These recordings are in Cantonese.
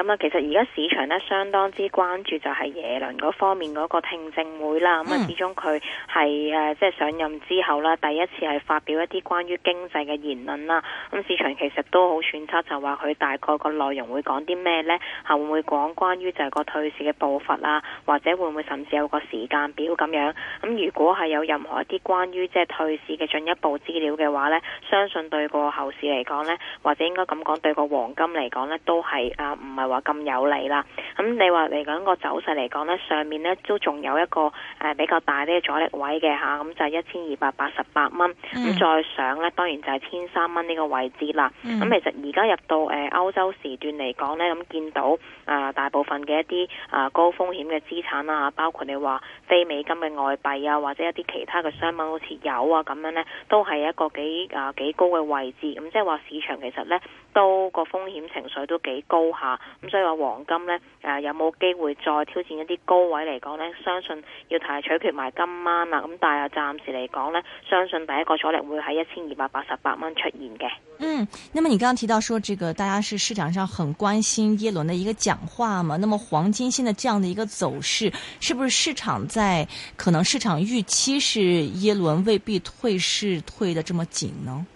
咁啊，其實而家市場咧相當之關注就係耶倫嗰方面嗰個聽證會啦。咁啊、嗯，始終佢係誒即係上任之後啦，第一次係發表一啲關於經濟嘅言論啦。咁市場其實都好揣測就話佢大概個內容會講啲咩咧？係會唔會講關於就係個退市嘅步伐啊？或者會唔會甚至有個時間表咁樣，咁如果係有任何一啲關於即係退市嘅進一步資料嘅話咧，相信對個後市嚟講咧，或者應該咁講對個黃金嚟講咧，都係啊唔係。話咁有利啦，咁你話嚟講個走勢嚟講呢，上面呢都仲有一個誒比較大啲阻力位嘅吓，咁就係一千二百八十八蚊，咁再上呢當然就係千三蚊呢個位置啦。咁、嗯嗯、其實而家入到誒歐洲時段嚟講呢，咁見到誒大部分嘅一啲誒高風險嘅資產啊，包括你話非美金嘅外幣啊，或者一啲其他嘅商品好似有啊咁樣呢都係一個幾誒幾高嘅位置，咁即係話市場其實呢。都個風險情緒都幾高下，咁、嗯、所以話黃金呢，誒、呃、有冇機會再挑戰一啲高位嚟講呢？相信要睇取決埋今晚啦。咁但係暫時嚟講呢，相信第一個阻力會喺一千二百八十八蚊出現嘅。嗯，那麼你剛剛提到說，這個大家是市場上很關心耶倫的一個講話嘛？那麼黃金現在這樣的一個走勢，是不是市場在可能市場預期是耶倫未必退市退得這麼緊呢？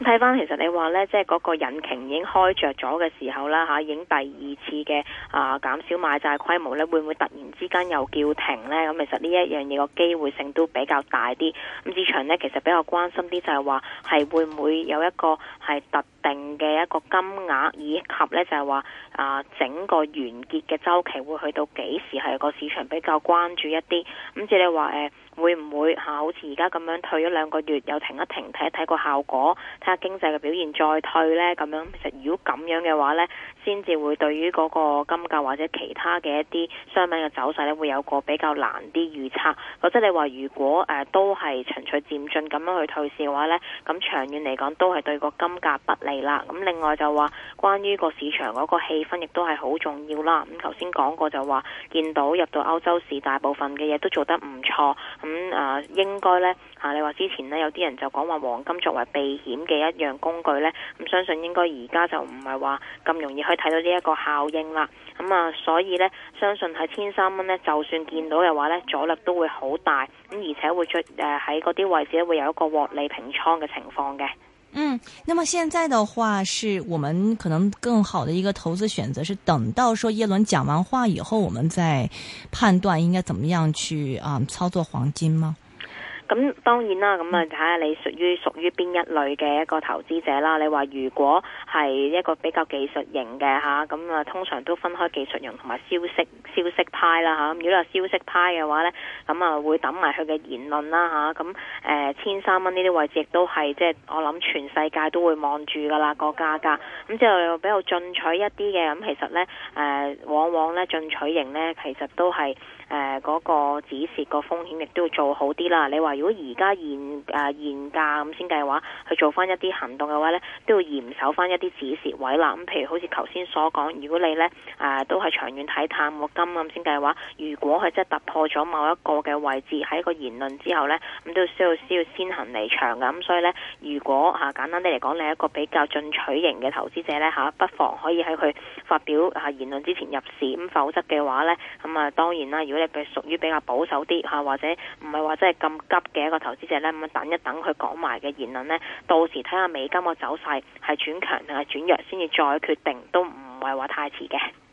睇翻其實你話呢，即係嗰個引擎已經開着咗嘅時候啦嚇，已經、啊、第二次嘅啊、呃、減少買債規模呢，會唔會突然之間又叫停呢？咁其實呢一樣嘢個機會性都比較大啲。咁市場呢，其實比較關心啲就係話係會唔會有一個係特定嘅一個金額，以及呢就係話啊整個完結嘅週期會去到幾時，係個市場比較關注一啲。咁似你話誒。呃會唔會好似而家咁樣退咗兩個月，又停一停，睇一睇個效果，睇下經濟嘅表現再退咧？咁樣其實如果咁樣嘅話咧。先至會對於嗰個金價或者其他嘅一啲商品嘅走勢咧，會有個比較難啲預測。或者你話如果誒、呃、都係循序漸進咁樣去退市嘅話呢，咁長遠嚟講都係對個金價不利啦。咁、嗯、另外就話關於個市場嗰個氣氛亦都係好重要啦。咁頭先講過就話見到入到歐洲市大部分嘅嘢都做得唔錯，咁、嗯、啊、呃、應該呢。吓、啊、你話之前呢，有啲人就講話黃金作為避險嘅一樣工具呢，咁、嗯、相信應該而家就唔係話咁容易去睇到呢一個效應啦。咁、嗯、啊，所以呢，相信喺千三蚊呢，就算見到嘅話呢，阻力都會好大，咁、嗯、而且會出誒喺嗰啲位置會有一個獲利平倉嘅情況嘅。嗯，那麼現在的話，是我們可能更好的一個投資選擇，是等到說耶倫講完話以後，我們再判斷應該怎麼樣去啊、嗯、操作黃金嗎？咁當然啦，咁啊，睇下你屬於屬於邊一類嘅一個投資者啦。你話如果係一個比較技術型嘅嚇，咁啊通常都分開技術型同埋消息消息派啦嚇、啊。如果係消息派嘅話呢，咁啊會揼埋佢嘅言論啦嚇。咁誒千三蚊呢啲位置亦都係即係我諗全世界都會望住噶啦個價格。咁之後又比較進取一啲嘅，咁其實呢，誒、呃、往往呢進取型呢，其實都係。誒嗰、呃那個止蝕個風險亦都要做好啲啦。你話如果而家現誒現，呃、現價咁先計嘅話，去做翻一啲行動嘅話呢，都要嚴守翻一啲止蝕位啦。咁、嗯、譬如好似頭先所講，如果你呢誒、呃、都係長遠睇淡黃金咁先計嘅話，如果佢真係突破咗某一個嘅位置喺一個言論之後呢，咁、嗯、都需要需要先行離場㗎。咁、嗯、所以呢，如果嚇、啊、簡單啲嚟講，你一個比較進取型嘅投資者呢，嚇，不妨可以喺佢發表嚇、啊、言論之前入市。咁、嗯、否則嘅話呢，咁、嗯、啊當然啦，如果屬於比較保守啲吓，或者唔係話真係咁急嘅一個投資者咧，咁樣，等一等佢講埋嘅言論咧，到時睇下美金個走勢，係轉強定係轉弱，先至再決定，都唔係話太遲嘅。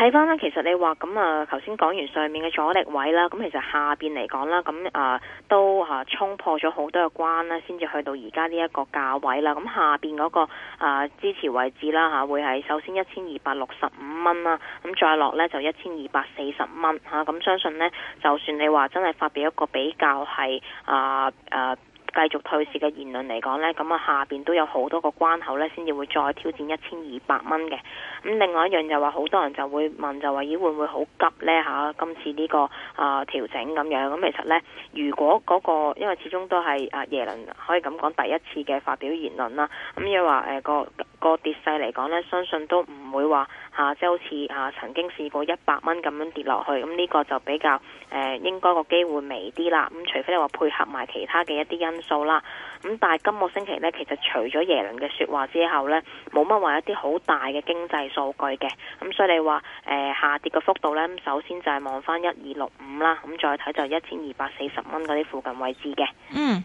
睇翻呢，其實你話咁啊，頭先講完上面嘅阻力位啦，咁其實下邊嚟講啦，咁啊都啊衝破咗好多嘅關啦，先至去到而家呢一個價位啦。咁下邊嗰個啊支持位置啦嚇，會係首先一千二百六十五蚊啦，咁再落呢，就一千二百四十蚊嚇。咁相信呢，就算你話真係發表一個比較係啊啊～、呃呃繼續退市嘅言論嚟講呢，咁啊下邊都有好多個關口呢，先至會再挑戰一千二百蚊嘅。咁另外一樣就話，好多人就會問，就話、是、咦會唔會好急呢？嚇、啊？今次呢、這個啊調整咁樣咁、啊，其實呢，如果嗰、那個因為始終都係啊耶倫可以咁講第一次嘅發表言論啦，咁又話誒個。個跌勢嚟講呢，相信都唔會話下週好似嚇曾經試過一百蚊咁樣跌落去，咁呢個就比較誒應該個機會微啲啦。咁除非你話配合埋其他嘅一啲因素啦。咁但係今個星期呢，其實除咗耶倫嘅説話之後呢，冇乜話一啲好大嘅經濟數據嘅。咁所以你話誒下跌嘅幅度呢，首先就係望返一二六五啦，咁再睇就一千二百四十蚊嗰啲附近位置嘅。嗯。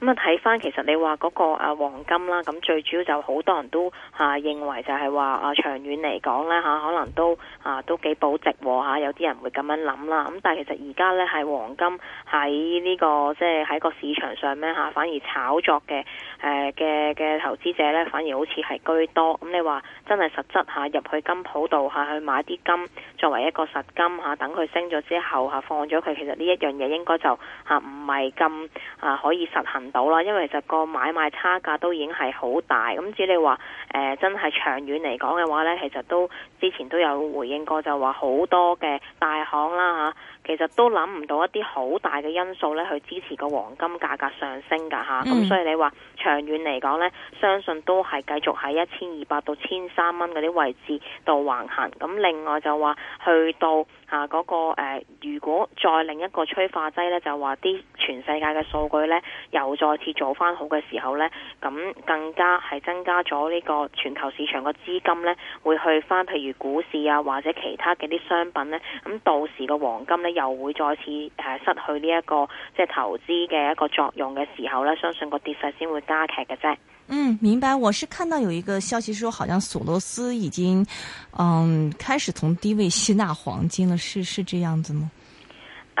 咁啊，睇翻，其實你話嗰個啊黃金啦，咁最主要就好多人都嚇認為就係話啊長遠嚟講咧吓可能都啊都幾保值喎嚇，有啲人會咁樣諗啦。咁但係其實而家咧係黃金喺呢個即係喺個市場上面吓反而炒作嘅誒嘅嘅投資者咧，反而好似係居多。咁你話真係實質嚇入去金鋪度嚇去買啲金作為一個實金吓等佢升咗之後吓放咗佢，其實呢一樣嘢應該就吓唔係咁啊可以實行。到啦，因為，其實個買賣差價都已經係好大，咁至你話誒、呃，真係長遠嚟講嘅話咧，其實都之前都有回應過，就話好多嘅大行啦吓。啊其實都諗唔到一啲好大嘅因素咧，去支持個黃金價格上升噶吓，咁、mm. 啊、所以你話長遠嚟講咧，相信都係繼續喺一千二百到千三蚊嗰啲位置度橫行。咁另外就話去到吓嗰、啊嗰個誒、呃，如果再另一個催化劑咧，就話啲全世界嘅數據咧又再次做翻好嘅時候咧，咁更加係增加咗呢個全球市場個資金咧會去翻譬如股市啊或者其他嘅啲商品咧，咁到時個黃金咧。又會再次誒失去呢一個即係投資嘅一個作用嘅時候咧，相信個跌勢先會加劇嘅啫。嗯，明白。我是看到有一個消息說，好像索羅斯已經嗯開始從低位吸納黃金了，是是這樣子嗎？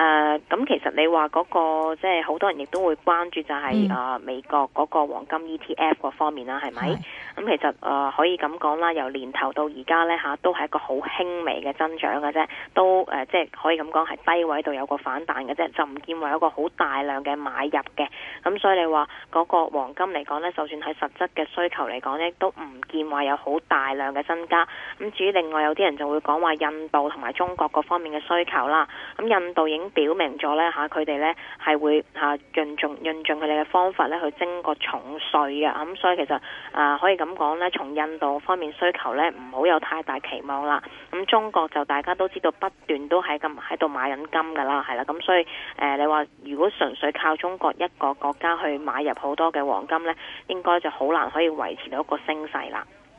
誒咁、呃、其實你話嗰、那個即係好多人亦都會關注就係、是嗯、啊美國嗰個黃金 ETF 各方面啦，係咪？咁、嗯、其實誒、呃、可以咁講啦，由年頭到而家呢，嚇、啊，都係一個好輕微嘅增長嘅啫，都誒、呃、即係可以咁講係低位度有個反彈嘅啫，就唔見話有個好大量嘅買入嘅。咁、嗯、所以你話嗰個黃金嚟講呢，就算喺實質嘅需求嚟講呢，都唔見話有好大量嘅增加。咁、嗯、至於另外有啲人就會講話印度同埋中國各方面嘅需求啦，咁、嗯嗯、印度影。表明咗呢，吓，佢哋呢係會吓運用佢哋嘅方法咧，去徵個重稅嘅。咁所以其實啊、呃、可以咁講呢，從印度方面需求呢，唔好有太大期望啦。咁、嗯、中國就大家都知道不斷都喺咁喺度買緊金噶啦，係啦，咁所以誒、呃，你話如果純粹靠中國一個國家去買入好多嘅黃金呢，應該就好難可以維持到一個升勢啦。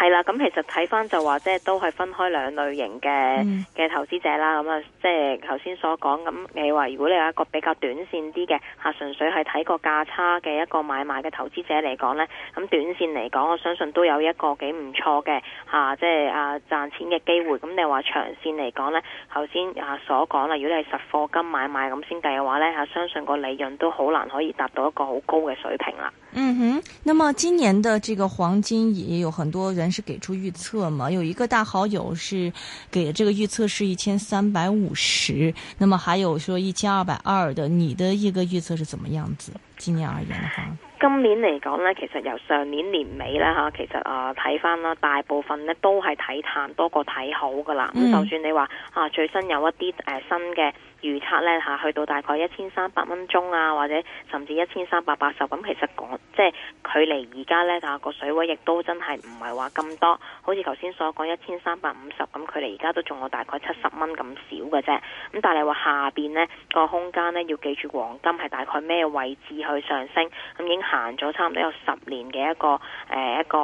係啦，咁其實睇翻就話，即係都係分開兩類型嘅嘅投資者啦。咁啊，即係頭先所講，咁你話如果你有一個比較短線啲嘅，吓純粹係睇個價差嘅一個買賣嘅投資者嚟講呢，咁短線嚟講，我相信都有一個幾唔錯嘅吓，即係啊賺錢嘅機會。咁你話長線嚟講呢，頭先啊所講啦，如果你係實貨金買賣咁先計嘅話呢，吓相信個利潤都好難可以達到一個好高嘅水平啦。嗯哼，那麼今年的這個黃金也有很多人。是給出預測嘛？有一個大好友是，給的這個預測是一千三百五十，那麼還有說一千二百二的，你的一個預測是怎麼樣子？今年而言的話今年嚟講呢，其實由上年年尾咧吓，其實啊睇翻啦，大部分呢都係睇淡多過睇好噶啦。咁、嗯、就算你話啊最新有一啲誒、呃、新嘅。預測呢嚇、啊，去到大概一千三百蚊鐘啊，或者甚至一千三百八十咁，其實講即係距離而家呢個、啊、水位亦都真係唔係話咁多。好似頭先所講一千三百五十咁，距離而家都仲有大概七十蚊咁少嘅啫。咁、嗯、但係話下邊呢、呢個空間呢，要記住，黃金係大概咩位置去上升？咁、嗯、已經行咗差唔多有十年嘅一個誒、呃、一個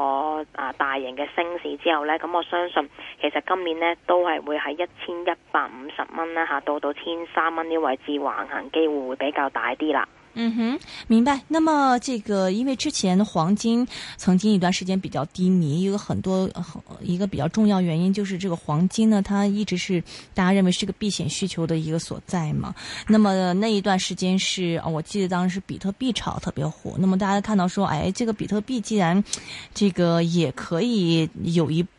啊大型嘅升市之後呢。咁、嗯、我相信其實今年呢都係會喺一千一百五十蚊啦嚇，到到千。三蚊的位置橫行機會會比較大啲啦。嗯哼，明白。那麼這個因為之前黃金曾經一段時間比較低迷，有很多、呃、一個比較重要原因就是這個黃金呢，它一直是大家認為是個避險需求的一個所在嘛。那麼那一段時間是，我記得當時比特幣炒特別火。那麼大家看到說，哎，這個比特幣既然這個也可以有一。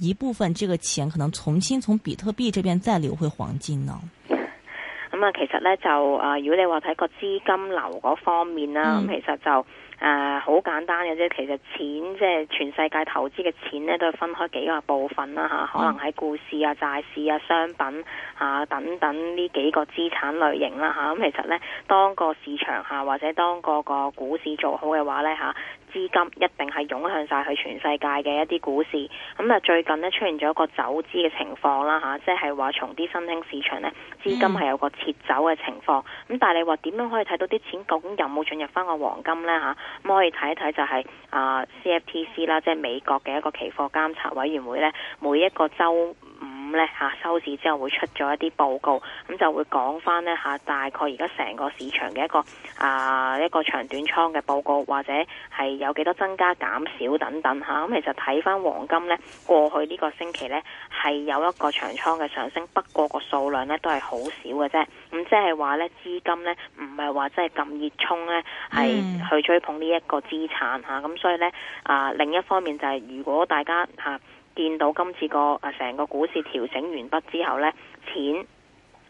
一部分這個錢可能重新從比特幣這邊再流回黃金呢？咁啊、嗯，其實呢，就誒，如果你話睇個資金流嗰方面啦，咁其實就誒好簡單嘅啫。其實錢即係、就是、全世界投資嘅錢呢，都係分開幾個部分啦吓，可能喺股市啊、債市啊、商品啊等等呢幾個資產類型啦吓。咁、嗯、其實呢，當個市場下或者當個個股市做好嘅話呢，吓。資金一定係湧向晒去全世界嘅一啲股市，咁啊最近呢，出現咗個走資嘅情況啦嚇，即係話從啲新興市場呢，資金係有個撤走嘅情況，咁但係你話點樣可以睇到啲錢究竟有冇進入翻個黃金呢？嚇？咁可以睇一睇就係啊 CFTC 啦，即係美國嘅一個期貨監察委員會呢，每一個週，咁呢吓收市之後會出咗一啲報告，咁就會講翻呢吓，大概而家成個市場嘅一個啊、呃、一個長短倉嘅報告，或者係有幾多增加減少等等吓。咁、啊、其實睇翻黃金呢，過去呢個星期呢，係有一個長倉嘅上升，不過個數量呢都係好少嘅啫。咁即係話呢，資金呢唔係話即係咁熱衷呢，係去追捧呢一個資產吓。咁、啊、所以呢，啊另一方面就係、是、如果大家吓。啊見到今次個啊成個股市調整完畢之後呢，錢。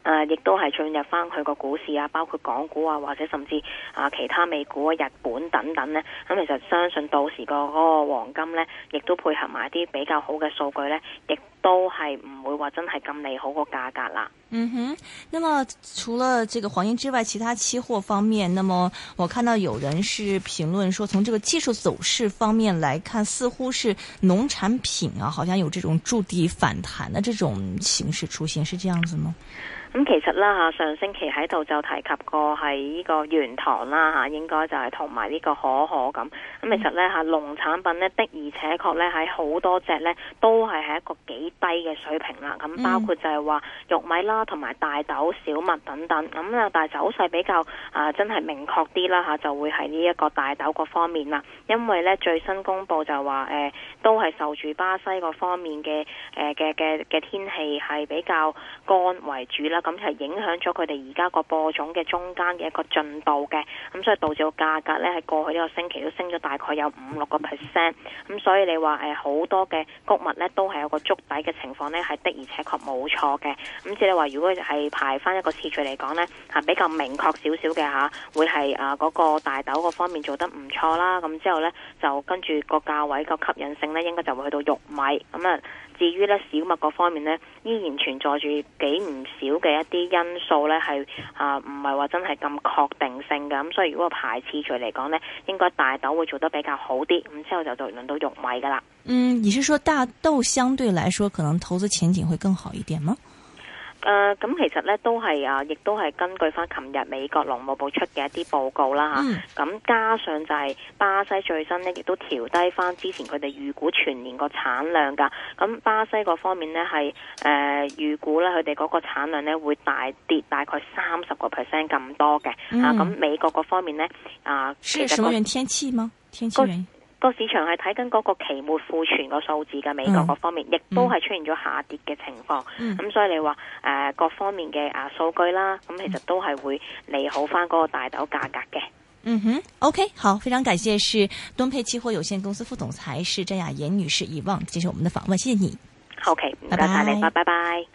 啊，亦都係進入翻佢個股市啊，包括港股啊，或者甚至啊其他美股、啊、日本等等呢。咁其實相信到時個嗰個黃金呢，亦都配合埋啲比較好嘅數據呢，亦都係唔會話真係咁利好個價格啦。嗯哼，咁啊，除了這個黃金之外，其他期貨方面，咁啊，我看到有人是評論說，從這個技術走勢方面來看，似乎是農產品啊，好像有這種築底反彈的這種形式出現，是這樣子嗎？咁其實啦吓，上星期喺度就提及過係呢個原糖啦吓，應該就係同埋呢個可可咁。咁其實呢，吓，農產品咧的而且確呢，喺好多隻呢都係喺一個幾低嘅水平啦。咁包括就係話玉米啦，同埋大豆、小麥等等。咁啊，但係走勢比較啊，真係明確啲啦吓，就會係呢一個大豆各方面啦。因為呢，最新公布就話誒、呃，都係受住巴西個方面嘅嘅嘅嘅天氣係比較乾為主啦。咁係、嗯就是，影響咗佢哋而家個播種嘅中間嘅一個進度嘅，咁、嗯，所以導致個價格呢，係過去呢個星期都升咗大概有五六個 percent，咁所以你話誒好多嘅穀物呢，都係有個築底嘅情況呢，係的而且確冇錯嘅，咁即係話如果係排翻一個次序嚟講呢，吓、啊，比較明確少少嘅吓，會係啊嗰，那個大豆嗰方面做得唔錯啦，咁、啊嗯，之後呢，就跟住個價位個吸引性呢，應該就會去到玉米咁、嗯、啊。至於咧小麥嗰方面呢，依然存在住幾唔少嘅一啲因素咧，係啊唔係話真係咁確定性嘅咁，嗯，所以如果排次序嚟講呢，應該大豆會做得比較好啲，咁之後就到輪到玉米噶啦。嗯，你是說大豆相對來說可能投資前景會更好一點嗎？誒咁、呃、其實咧都係啊，亦都係根據翻琴日美國農務部出嘅一啲報告啦嚇，咁、啊嗯、加上就係巴西最新呢，亦都調低翻之前佢哋預估全年個產量噶，咁、啊、巴西嗰方面呢，係、呃、誒預估咧佢哋嗰個產量呢會大跌大概三十個 percent 咁多嘅，啊咁、嗯啊、美國嗰方面呢，啊係什麼原因、那個、天氣嗎？天氣個市場係睇緊嗰個期末庫存個數字嘅，美國各方面亦都係出現咗下跌嘅情況，咁、嗯、所以你話誒、呃，各方面嘅啊數據啦，咁、嗯、其實都係會利好翻嗰個大豆價格嘅。嗯哼，OK，好，非常感謝，是敦沛期貨有限公司副總裁，是張雅妍女士，以望接受我們的訪問，謝謝你。OK，拜拜，唔該晒 bye，拜拜。